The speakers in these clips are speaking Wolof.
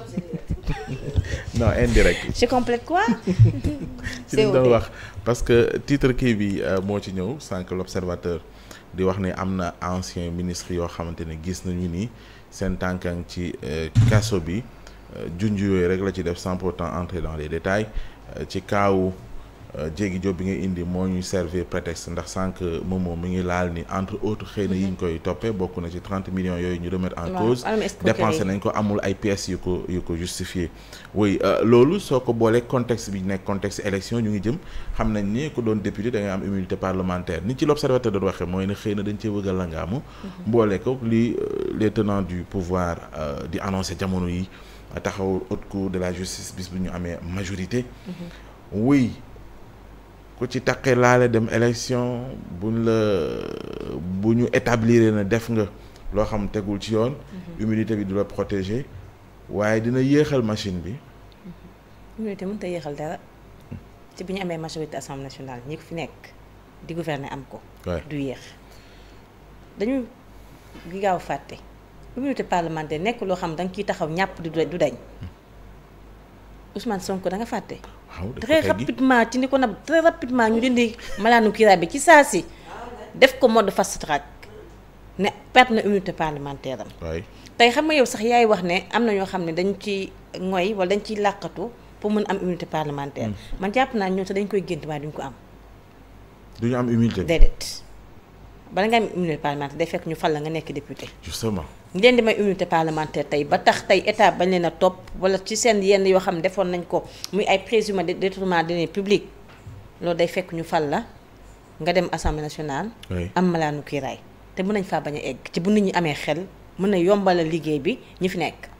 non indirect. je complète quoi. ci wax parce que titre kii bi euh, moo ci ñëw sànq l'observateur di wax ne am na ancien ministre yoo xamante ne gis nañu ni seen tànkang ci euh, kaso bi euh, junj yooyu rek la ci def sans pourtant entrer dans les détails ci kaawu. Euh, jéegi job bi nga indi moo ñu servir prétexte ndax sànq moomoo mi ngi laal ni entre autres xëy na yi ñu koy toppee bokk na ci trente millions yooyu ñu remettre en cause dépensé nañ ko amul ay pièces yu ko yu ko justifié oui euh, loolu soo ko boolee contexte bi nekk contexte élection ñu ngi jëm xam nañ ni ku doon député da ngay am immunité parlementaire ni ci l'observateur doon waxee mooy ne xëy na dañ cee wëgg a langaamu mhm. boole ko li euh, les tenants du pouvoir di annoncé jamono yi taxaw haute cour de la justice bis bu ñu amee majorité mhm. oui ku ci taqee laale dem élection buñ la bu ñu établir na def nga loo xam tegul ci yoon mhm. humidité bi du la protéger waaye dina yéexal machine bi mhm. humidité mënut a yéexal dara hmm. ci bi ñu amee majorité assemblée nationale ñi ko fi nekk di gouverner am ko du yéex dañu gi gaaw fàtte immunité parlementaire nekk loo xam da nga ciy taxaw ñàpp du dañ hmm. Ousmane Sonko da nga fàtte très rapidement ci ni ko nab très rapidement ñu dindi malaanu kiiraay bi ci saa si def ko mode fast track ne perte na immunité parlementaire am tey xam nga yow sax yaay wax ne am na ñoo xam ne dañ ci ngoy wala dañ ciy làqatu pour mën am immunité parlementaire hmm. man jàpp naa ñoo sax dañ koy gént waaye duñ ko am duñu am immunité déedéet bala nga am immunité parlementaire day fekk ñu fal la nga nekk député justement leen di may unité parlementaire tey ba tax tey état bañ leen a topp wala ci seen yenn yoo xam ne defoon nañ ko muy ay présumé de détournement de deniers publics loolu day fekk ñu fal la nga dem assemblée nationale. am malaanu kii raay te mun nañ faa bañ a egg ci bu nit ñi amee xel mën na yombalal liggéey bi ñi fi nekk.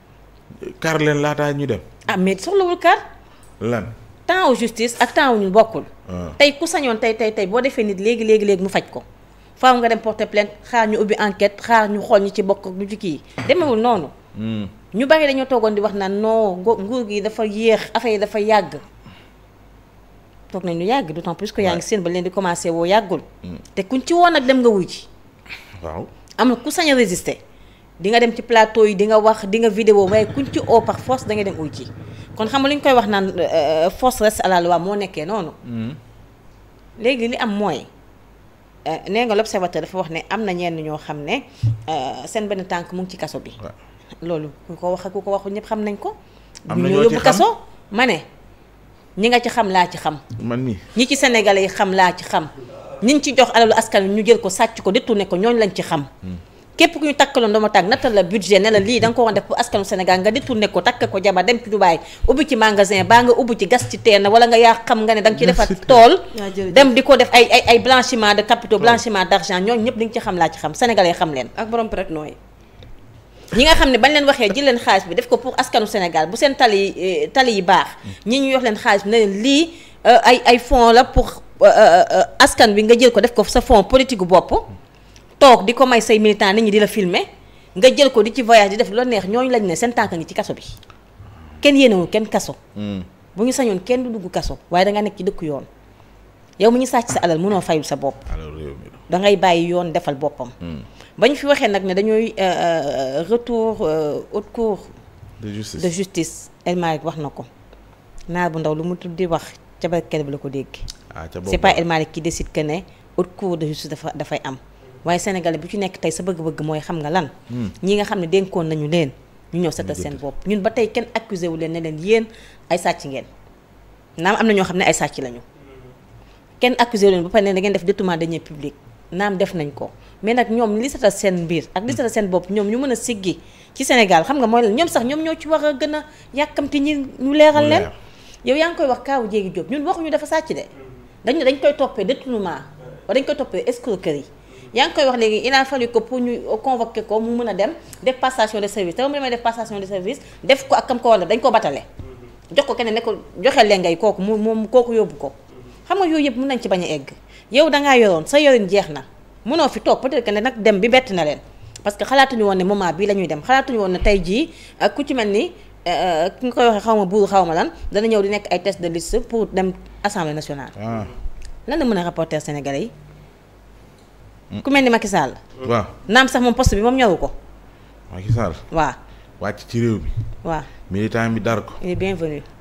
kaar leen laataa ñu dem. ah mais soxlawul kaar. lan temps wu justice ak temps wu ñu bokkul. Ah. tey ku sañoon tey tey tey boo defee nit léegi léegi léegi mu faj ko. faaw nga dem porter plainte xaar ñu ubbi enquête xaar ñu xool ñu ci bokk ak ñu yi kii demewul noonu. Hmm. ñu bari dañoo toogoon di wax naan noo nguur gi dafa yéex affaire yi dafa yàgg. toog nañu yàgg d'autant plus que yaa seen ba leen di commencé woo yàggul. Hmm. te kuñ ci woon ak dem nga wuy ji. am na ku sañ a résister. di nga dem ci plateau yi di nga wax di nga vidéo waaye kuñ ci o par force da dem uy ji kon xam nga lu ñu koy wax naan euh, euh, force reste à la moo nekkee noonu. Hmm. léegi li am mooy. Euh, nee nga l'observateur dafa wax ne am na ñenn ñoo xam ne euh, seen benn tànk mu ngi ci kaso bi. loolu ku ko wax ku ko waxu ñëpp xam nañ ko. am na ñoo kaso ma ne. ñi nga ci xam laa ci xam. man mii ñi ci sénégalais yi xam laa ci xam. ñi ñu ci jox alalu askan ñu jël ko sàcc ko détourné ko ñooñu lañ ci xam. Hmm. képp ku ñu takkaloon dama tàgg nattal la budget ne la lii da nga ko war nga détourné ko ko jabar dem ci Dubaay ubbi ci magasin baa nga ubbi ci nga yaa xam nga ne da nga ci defar tool dem di ko def ay ay ay blanchiment de capitaux blanchiment d'argent ñooñu ñëpp li nga ci xam laa ci xam sénégalais xam leen ak borom peut-être nga xam ne bañ leen waxee jël leen xaalis bi def ko pour askanu Sénégal bu seen tali eh, tali yi baax mm. ñi ñu yox leen xaalis bi ne lii eh, ay ay fonds la pour eh, askan bi nga jël ko def ko sa fonds politique bopp toog di ko may say militant nit ñi dina la nga jël ko di ci voyage di def lu la neex ñooñu lañ ne seen tànk ngi ci kaso bi kenn yéenewul kenn kaso hmm. bu ñu sañoon kenn du dugg kaso waaye da nga nekk ci dëkk yoon yow mi ñu sàcc sa alal mënoo fayul sa bopp da ngay bàyyi yoon defal boppam hmm. ba ñu fi waxee nag ne dañooy euh, euh, retour euh, haute cour de justice de justice El wax na ko naar bu ndaw lu mu tudd di wax ca barkeel bi la ko dégg ah, c'est pas El Malick qui décide que ne haute cour dafa dafay am waaye sénégalais bu ci nekk tey sa bëgg-bëgg mooy xam nga lan hmm. ñi nga xam ne dénkoon nañu leen ñu ñëw setal seen bopp ñun ba tey kenn accusé wu leen ne leen yéen ay sàcc ngeen naam am na ñoo xam ne ay sàcc lañu kenn accusé leen ba pare ne da ngeen def détournement de deniers publics naam def nañ ko mais nag ñoom li setal seen mbir ak li seen bopp ñoom ñu mën a siggi ci Sénégal xam nga mooy ñoom sax ñoom ñoo ci war a gën a yàkkamti ñi ñu leeral leen yow yaa ngi koy wax kaawu jéegi jóob ñun waxuñu dafa sàcc de dañu dañ koy toppee détournement wala dañ koy toppee escroquerie yaa ngi koy wax léegi inaan a fallu pour ñu convoquer ko mu mën a dem def passation de service te moom damay def passation de service def ko ak kam ko wala dañ ko batale mhm. jox ko keneen ne ko joxe leen ngay kooku mu moom kooku yóbbu ko mhm. xam nga yooyu yëpp mun nañ ci bañ a egg yow dangaa yoroon sa yorin jeex na mënoo fi toog peut-être que nag dem bi bett na leen parce que xalaatuñu woon ne moment bii lañuy dem xalaatuñu woon ne tey jii euh, ku ci mel ni euh, euh, ki nga koy waxee xaw ma buur xaw ma lan dana ñëw di nekk ay test de liste pour dem assemblée nationale ah. lan la mën a rapporter sénégalais yi ku mel ni Macky Sall. waaw naam sax moom poste bi moom ñoru ko. Macky Sall. waaw wàcc ci réew mi. waaw militant bi dar ko.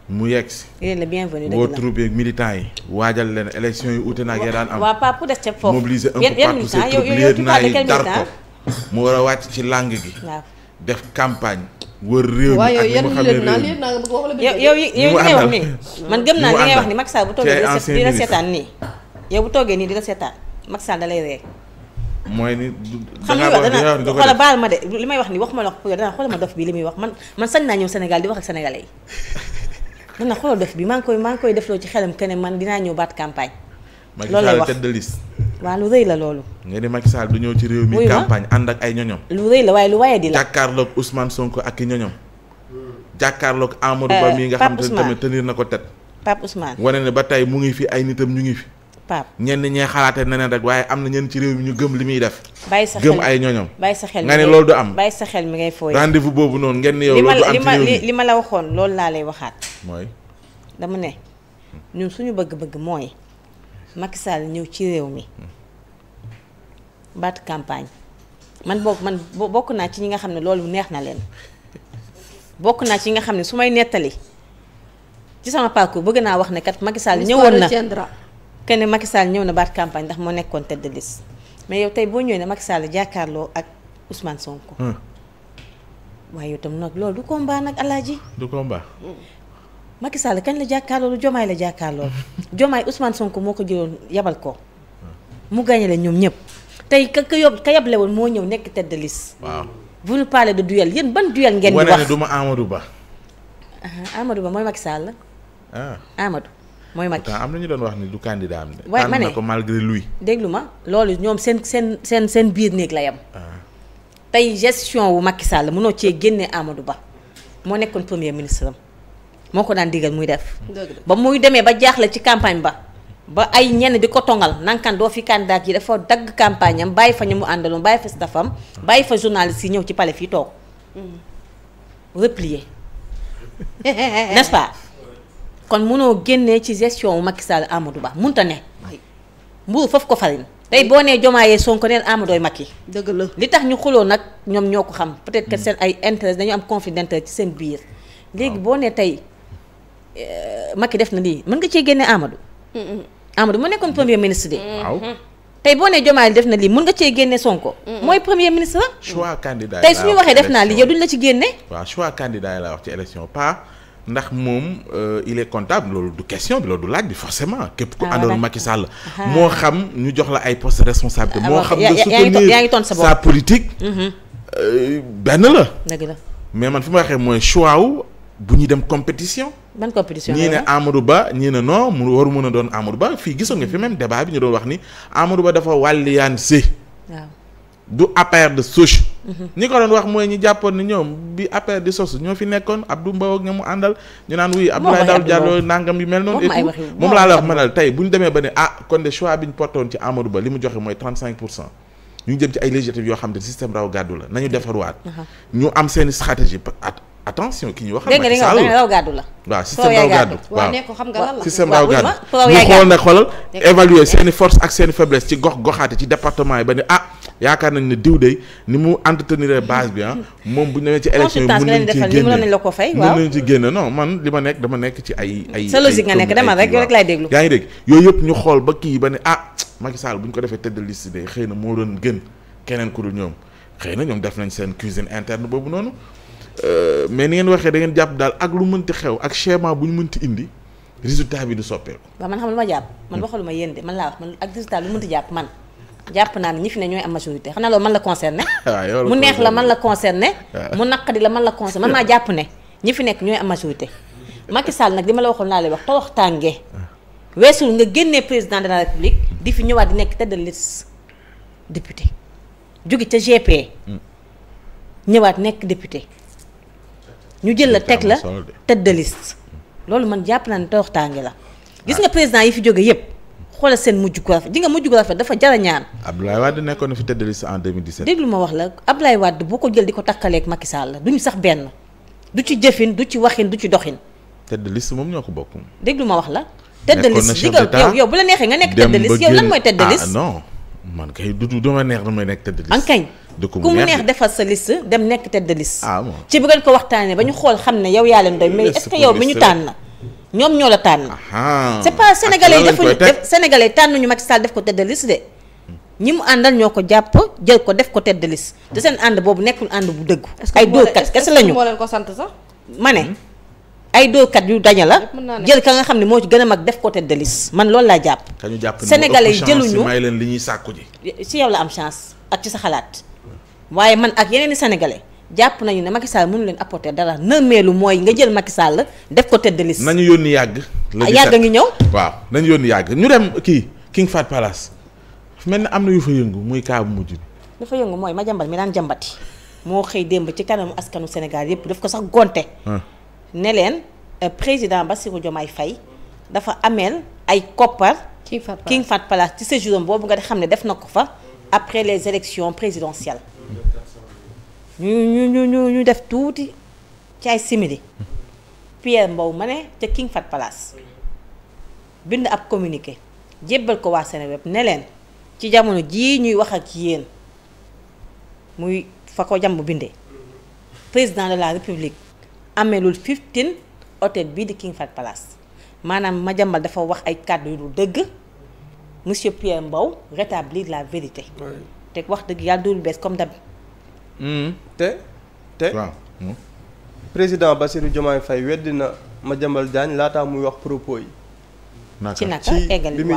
mu yegg si. yéen la bienvenue dëgg la woo troupe yeeg militants yi. waajal leen élection yi na ak ya daan am. waaw Pape mu war a wàcc ci langue gi. waaw def campagne. wër réew mi ak ni mu xam mi yow yow li ngay wax nii. man gëm naa li wax ni Macky bu toogee di seetaan nii. yow bu toogee nii di la seetaan Macky Sall ree mooy ni da ngaa wax da wala baal ma de li may wax ni wax ma la wax dana xoolal ma dof bi li muy wax man man sañ naa ñëw Sénégal di wax ak sénégalais yi dana xoolal dof bi maa ngi koy maa ngi koy defloo ci xelam keneen man dinaa ñëw baat campagne. loolu lay wax Macky Sall tête de liste. waaw lu rëy la loolu. nga ni Macky du ñëw ci réew mi campagne ànd ak ay ñoñom. lu rëy la waaye lu waaye di la. jàkkaarloog Ousmane Sonko ak i ñoñom. jàkkaarloog Amadou Ba euh, mii nga xam te tamit tenir na ko tet Pape Ousmane wane ba tey mu ngi fi ay nitam ñu ngi fi Pape ñenn ñee xalaate neneen rek waaye am na ñenn ci réew mi ñu gëm li muy def bàyyi sa xel gëm ay ñoñom bàyyi sa xel nga loolu du am bàyyi sa xel mi ngay fooy rendez-vous boobu noonu ngeen ne yow loolu li ma la waxoon loolu laa lay waxaat mooy dama ne ñun suñu bëgg-bëgg mooy Macky Sall ñëw ci réew mi baat campagne man bokk man bokk naa ci ñi nga xam ne loolu neex na leen bokk naa ci ñi nga xam ne su may nettali ci sama parcours bëgg naa wax ne kat ñëwoon na que ne Macky ñëw na baat campagne ndax moo nekkoon tête de mais yow tey boo ñëwee ne Macky Sall jàkkaarloo ak Ousmane Sonko. Hmm. waaye yow tam nag loolu du combat nag alaaji. du combat. Macky Sall kañ la jàkkaarloo Jomaay la jàkkaarloo Jomaay Ousmane sonk moo ko jëloon yabal ko hmm. mu gagné ñoom ñëpp tey ka ka yob woon moo ñëw nekk tête de liste. waaw bu ñu parler de duel yéen ban duel. ngeen di wax wane ma Amadou Ba. Amadou Ba mooy Macky Sall. ah mooy Macky am na ñu doon wax ni du candidat am ma ne tànn na ko malgré lui. déglu ma loolu ñoom seen seen seen seen biir néeg la yem. Ah. tey gestion wu Macky Sall mënoo cee génnee Amadou Ba moo nekkoon premier ministre am moo ko daan digal muy def. ba muy demee ba jaaxle ci campagne ba. ba ay ñenn di ko tongal nankan doo fi candidat yi dafa dagg campagne am bàyyi fa ñu mu àndaloon bàyyi fa stafam bàyyi fa journaliste yi ñëw ci pale fii toog mm-hmm. replier nest kon mënoo génnee ci gestion wu Macky Sall Amadou Ba munta ne mburu foofu ko farin tey boo nee jomaayee Sonko neen mag yi dëgg la li tax ñu xuloo nag ñoom ñoo ko xam peut-être que seen ay intérêt dañu am conflit ci seen biir léegi boo nee tey euh, Macky def na lii mën nga cee génne Amadou Amadou mu nekkoon premier ministre de mm-hmm. waaw tey boo nee Diomaye def na lii mun nga cee génne Sonko. mooy premier ministre. choix candidat tey su ñu waxee def naa lii yow duñ la ci génne. waaw choix candidat yi laa ndax moom euh, il est comptable loolu du question bi loolu du laaj bi forcément képp ku ah, àndoon Macky Sall ah. moo xam ñu jox la ay poste responsable ah, moo xam nga soutenir sa politique mm-hmm. euh, benn la dëgg la mais man fi ma waxee mooy choix wu bu ñu dem compétition ban compétition ñii ne Amadou Ba ñii ne non mu waru mën a doon Amadou Ba fii gisoon nga fi même débat bi ñu doon wax ni Amadou Ba dafa wàlliyaan si du APR de souche. Mhm. ñi ko doon wax mooy ñi jàppoon ni ñoom bi APR di sos ñoo fi nekkoon Abdou Mbow ak ña mu àndal ñu naan wuy Abdoulaye Daouda Diallo nangam yu mel noonu. moom laa la wax manal tey bu ñu demee ba ne ah kon de choix bi ñu ci Amadou Ba li mu joxe mooy 35 pour cent ñu jëm ci ay législatives yoo xam ne système raw gàddu la nañu defarwaat. ñu am seen stratégie at. attention ki ñuy wax. dégg nga li nga wax xam nga lan la système daw gàddu ñu xool nag xoolal évaluer seen i force ak seen i faiblesse ci ci département yi ba ne ah yaakaar nañ ne diw de ni mu entretenir base bi ah, moom bu ñu demee ci élection yi mën ci génn la ko fay waaw génn non man li ma nekk dama nekk ci ay ay nga nekk demal rek rek déglu yaa ngi dégg yooyu yëpp ñu xool ba kii ba ne ah Macky Sall bu ñu ko defee tête de liste de xëy na moo doon gën keneen ku dul ñoom xëy na ñoom def nañ seen cuisine interne boobu noonu Euh, mais ni ngeen waxee da ngeen jàpp daal ak lu mënti xew ak schéma bu ñu mënti indi résultat bi du soppeeku. waaw man xam lu ma jàpp man hmm. waxaluma yéen de man laa wax man ak résultat lu mënti jàpp man jàpp naa ne ñi fi ne ñooy am majorité xanaa man la concerné. mu neex la man la concerné. mu naqadi la man la concerné man maa jàpp ne ñi fi nekk ñooy am majorité. Macky Sall nag li ma la waxoon laa lay wax tawax tàngee weesul nga génne président de la république di fi ñëwaat di nekk tête de député jóge ca GP. Hmm. ñëwaat nekk député. ñu jël la teg la tête de loolu man jàpp naa ne toroxtaange la gis nga président yi fi jóge yëpp xoolal seen mujj gu rafet di nga mujj gu rafet dafa jara ñaan Abdoulaye Wade nekkoon na fi tëdd de liste en déglu ma wax la Abdoulaye Wade boo ko jël di ko takkaleeg Macky Sall la ñu sax benn du ci jëfin du ci waxin du ci doxin tëdd de liste moom ñoo ko bokk déglu ma wax la tête de liste di nga yow bu la neexee nga nekk tête de liste yow mooy tête de ah, liste neex damay nekk tête de liste ku mu neex defal sa liste dem nekk tête de liste. Ah, ci bu ngeen ko waxtaanee ba ñu xool xam ne yow yaa leen doy. mais est-ce que yow mi ñu tànn na ñoom ñoo la tànn. c'est pas ah, sénégalais yi defuñu def sénégalais yi tànnuñu def ko tête de de. ñi mu àndal ñoo ko jàpp jël ko def ko tête de liste seen ànd boobu nekkul ànd bu dëggu ay dóorkat kese lañu moo leen ko sant sax. ma ne ay dóorkat yu daña la jël ka nga xam ne moo ci gën a mag def ko tête de liste man loolu laa jàpp. sénégalais yi jëluñu may leen li ñuy sàkku si yow la am chance ak ci sa xalaat waaye man ak yeneen i jàpp nañu ne Macky Sall mënu leen apporter dara nërmeelu mooy nga jël Macky Sall la def ko tête de liste. nañu yónni yàgg. la ah, yàgg a ngi ñëw. waaw nañu yónni yàgg ñu dem kii King Fahd Palace mel na am na yu fa yëngu muy kaa bu mujj bi. yëngu mooy ma jàmbat mi daan jàmbati moo xëy démb ci kanamu askanu Sénégal yëpp daf ko sax gonte. Ah. ne leen euh, président Bassirou ay fay dafa ameel ay koppar. King Fahd Palace King Fahd Palace ci séjour boobu nga xam ne def na ko fa après les élections présidentielles. ñu ñu ñu ñu ñu def tuuti ci ay simili Pierre Mbow ma ne te King Fahd Palace bind ab communiqué jébbal ko waa Seneweb ne leen ci jamono jii ñuy wax ak yéen muy fa ko jàmb bindee président de la république ameelul 15 hôtel bii di King fat Palace maanaam Madiambal dafa wax ay kàddu yu dul dëgg monsieur Pierre Mbow rétablir la vérité te wax dëgg yàlla dul bees comme d'habitude Hmm. te te waaw hmm. président Bassirou fay Faye weddi ma Madiambal Diagne laata muy wax propos yi. ci naka eggali